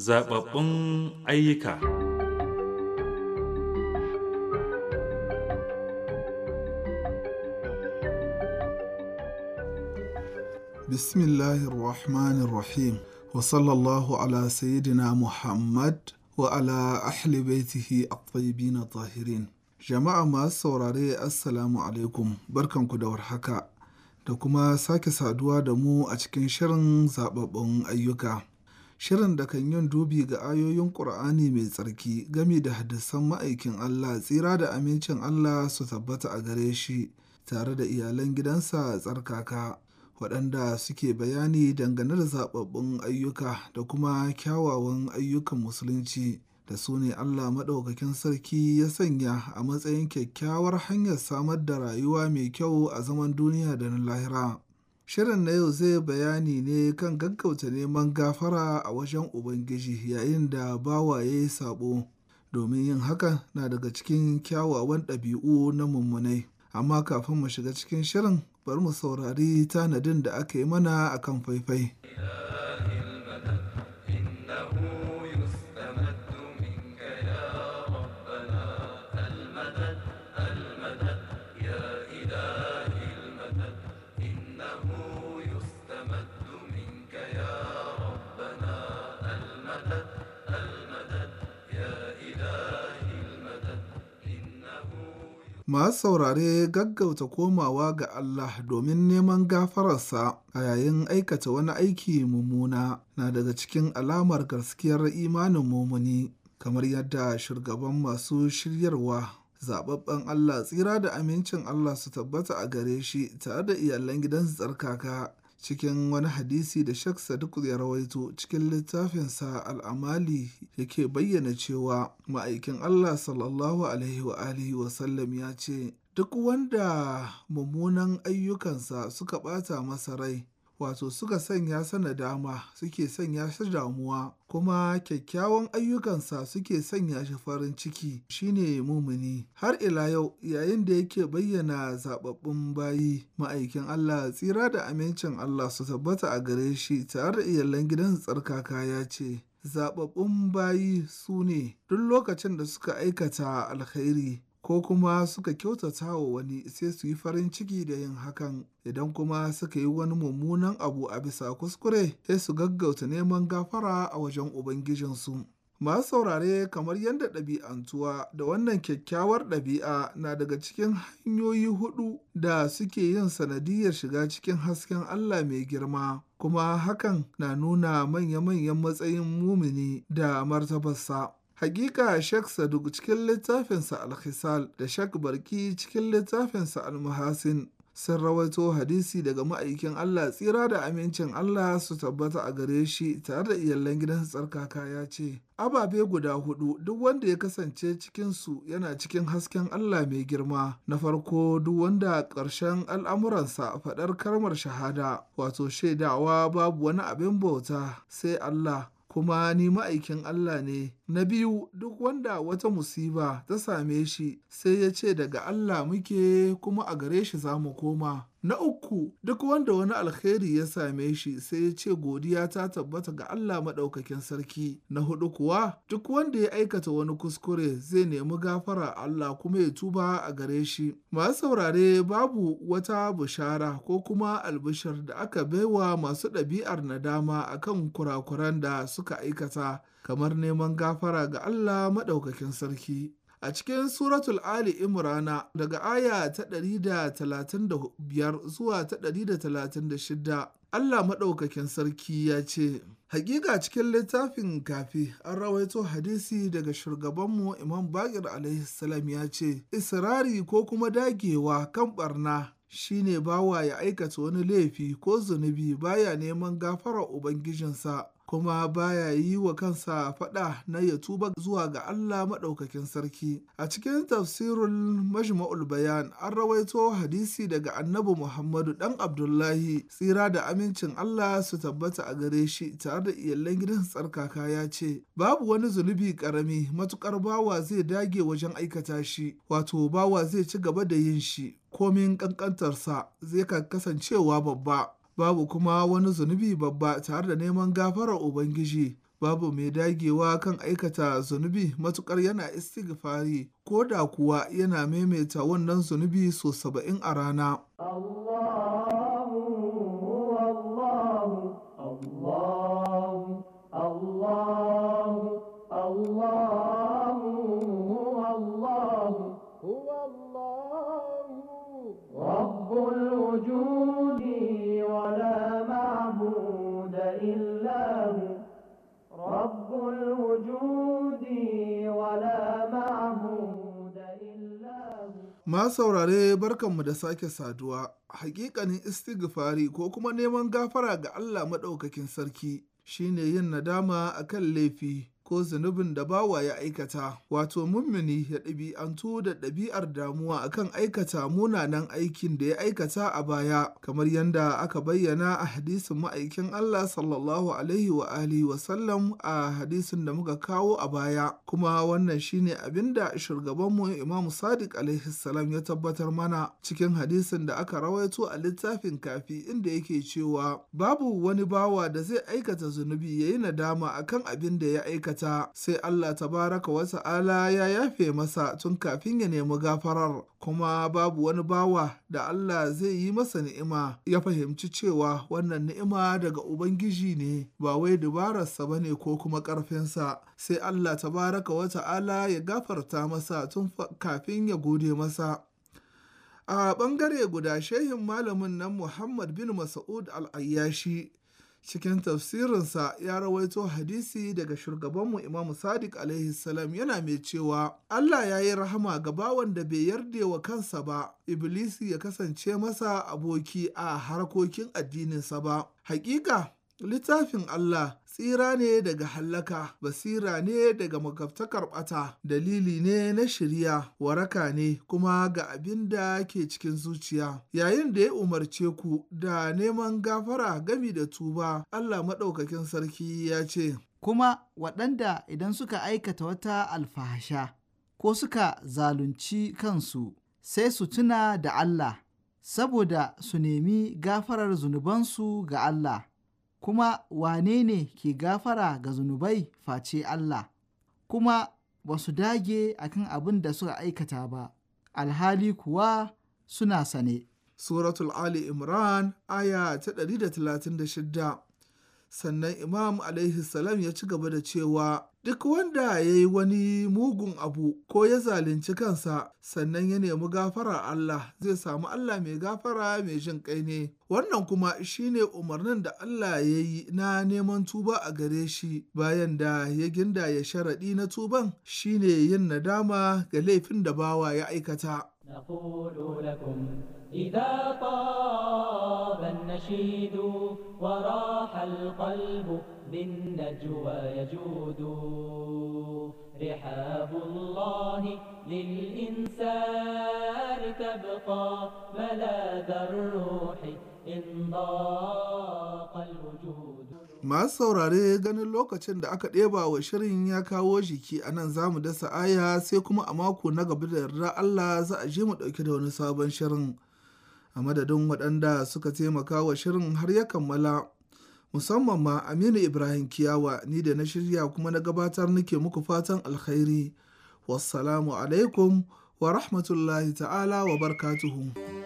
zababbun ayyuka bismillahir rahmanir wa sallallahu ala sayyidina muhammad wa ala ahli baitihi at-tayyibin tahirin jama'a masu saurare assalamu alaikum barkanku da warhaka da kuma sake saduwa da mu a cikin shirin zababbun ayyuka shirin da kan yin dubi ga ayoyin Ƙur'ani mai tsarki gami da hadisan ma'aikin Allah tsira da amincin Allah su tabbata a gare shi tare da iyalan gidansa tsarkaka waɗanda suke bayani dangane da zaɓaɓɓun ayyuka da kuma kyawawan ayyukan musulunci da su ne Allah maɗaukakin sarki ya sanya a matsayin kyakkyawar hanyar samar da rayuwa mai kyau a zaman duniya da na lahira. Shirin na yau zai bayani ne kan gaggauta neman gafara a wajen Ubangiji yayin da bawa ya saɓo, domin yin haka na daga cikin kyawawan ɗabi'u na mummunai. Amma kafin mu shiga cikin shirin, bari mu saurari tanadin da aka yi mana akan kan faifai. masu saurare gaggauta komawa ga Allah domin neman gafararsa a yayin aikata wani aiki mummuna na daga cikin alamar gaskiyar imanin mumuni kamar yadda shugaban masu shiryarwa zababben Allah tsira da amincin Allah su tabbata a gare shi tare da iyalan gidansu tsarkaka cikin wani hadisi da Sheikh Sadiq ya rawaito cikin littafinsa al'amali yake bayyana cewa ma'aikin Allah sallallahu alaihi wa alihi wa ya ce duk wanda mummunan ayyukansa suka ɓata masa rai wato suka sanya sa nadama suke sanya shi damuwa kuma kyakkyawan ayyukansa suke sanya shi farin ciki shine mumuni har ila yau yayin da yake bayyana zababbun bayi ma'aikin Allah tsira da amincin Allah su tabbata a gare shi tare da iyalan gidan tsarkaka ya ce zababbun bayi su ne duk lokacin da suka aikata alkhairi ko kuma suka kyautata wa wani sai su yi farin ciki da yin hakan idan kuma suka yi wani mummunan abu a bisa kuskure sai su gaggauta neman gafara a wajen ubangijinsu masu saurare kamar yadda ɗabi'antuwa da wannan kyakkyawar ɗabi'a na daga cikin hanyoyi hudu da suke yin sanadiyar shiga cikin hasken Allah mai girma kuma hakan na nuna manya-manyan matsayin mumini da martabarsa. Hakika Sheikh Saduk cikin littafinsa al da Sheikh Barki cikin littafinsa Al-Muhasin sun rawaito hadisi daga ma'aikin Allah tsira da amincin Allah su tabbata a gare shi tare da iyalan gidan tsarkaka ya ce, Ababe guda hudu duk wanda ya kasance cikinsu yana cikin hasken Allah mai girma, na farko duk wanda ƙarshen al'amuransa faɗar karmar shahada, wato shaidawa babu wani abin bauta sai Allah, kuma ni ma'aikin Allah ne. Na biyu, duk wanda wata musiba ta same shi sai ya ce daga Allah muke kuma a gare shi za mu koma. Na uku, duk wanda wani alkhairi ya same shi sai ya ce godiya ta tabbata ga Allah maɗaukakin sarki. Na hudu kuwa, duk wanda ya aikata wani kuskure zai nemi gafara Allah kuma ya tuba a gare shi. Masu saurare babu wata bushara ko kuma albishar da aka baiwa masu ɗabi'ar nadama akan kurakuran da suka aikata. kamar neman gafara ga Allah maɗaukakin sarki. A cikin Suratul Ali Imrana daga aya ta 135 zuwa ta shida, Allah maɗaukakin sarki ya ce, Hakika cikin littafin kafi an rawaito hadisi daga shugabanmu Imam Bakir alaihi salam ya ce, Israri ko kuma dagewa kan barna shi ne bawa ya aikata wani laifi ko zunubi baya neman gafarar Ubangijinsa, kuma baya yi wa kansa faɗa na ya tuba zuwa ga Allah maɗaukakin sarki. A cikin tafsirin majma'ul bayan an rawaito hadisi daga annabi Muhammadu ɗan Abdullahi tsira da amincin Allah su tabbata a gare shi tare da iyalan gidan tsarkaka ya ce, Babu wani zunubi ƙarami matukar bawa zai dage wajen aikata shi, wato bawa zai ci gaba da yin shi. komin ƙanƙantarsa zai kan kasancewa babba babu kuma wani zunubi babba tare da neman gafarar ubangiji babu mai dagewa kan aikata zunubi matuƙar yana istighfari ko da kuwa yana maimaita wannan zunubi so saba'in a rana. Ma saurare barkanmu da sake saduwa, hakikanin istighfari ko kuma neman gafara ga Allah maɗaukakin sarki shine yin nadama akan laifi ko zunubin da bawa ya aikata wato mummuni ya ɗabi'antu da ɗabi'ar damuwa akan aikata munanan aikin da ya aikata a baya kamar yadda aka bayyana a hadisin ma'aikin Allah sallallahu alaihi wa alihi wa sallam a hadisin da muka kawo a baya kuma wannan shine abinda da shugabanmu Imam Sadiq alaihi salam ya tabbatar mana cikin hadisin da aka rawaito a littafin kafi inda yake cewa babu wani bawa da zai aikata zunubi yayi nadama akan abin da ya aikata ta sai Allah tabaraka wa ta'ala ya yafe masa tun kafin ya nemi gafarar kuma babu wani bawa da Allah zai yi masa ni'ima ya fahimci cewa wannan ni'ima daga Ubangiji ne ba wai dubararsa ba ne ko kuma ƙarfinsa sai Allah tabaraka wa ta'ala ya gafarta masa tun kafin ya gode masa. a ɓangare guda shehin malamin nan muhammad bin Masud al al'ayyashi cikin tafsirinsa ya rawaito hadisi daga shugabanmu Imam Sadiq alaihi salam yana mai cewa Allah ya yi rahama ga bawan da bai yarda wa kansa ba Iblisi ya kasance masa aboki a harkokin addininsa ba hakika Littafin Allah tsira ne daga hallaka, basira ne daga magabtakar ɓata, dalili ne na shirya, waraka ne kuma ga abin da ke cikin zuciya. Yayin da ya umarce ku da neman gafara gami da tuba, Allah maɗaukakin sarki ya ce, Kuma waɗanda idan suka aikata wata alfahasha ko suka zalunci kansu, sai su tuna da Allah, saboda su nemi gafarar zunubansu ga Allah. kuma wane ne ke gafara ga zunubai face Allah, kuma ba su dage akan abin da suka aikata ba, alhali kuwa suna sane. Suratul Ali Imran aya ta 136 Sannan Imam alaihi salam ya ci gaba da cewa Duk wanda ya yi wani mugun abu ko ya zalunci kansa sannan ya nemi gafarar Allah zai samu Allah mai gafara mai jin kai ne. Wannan kuma shi ne umarnin da Allah ya yi na neman tuba a gare shi bayan da ya ginda ya sharaɗi na tuban shi ne yin nadama ga laifin da bawa ya aikata. طاب النشيد وراح القلب بالنجوى يجود رحاب الله للإنسان تبقى ملاذ الروح إن ضاق الوجود masu saurare ganin lokacin da aka ɗeba wa shirin ya kawo jiki a nan za mu dasa aya sai kuma a mako na gaba da yarda Allah za a je mu ɗauki da wani sabon shirin. a madadin waɗanda suka taimaka wa shirin har ya kammala musamman ma aminu ibrahim kiyawa ni da na shirya kuma na gabatar nake muku fatan alkhairi wassalamu alaikum wa rahmatullahi ta'ala wa barkatuhu.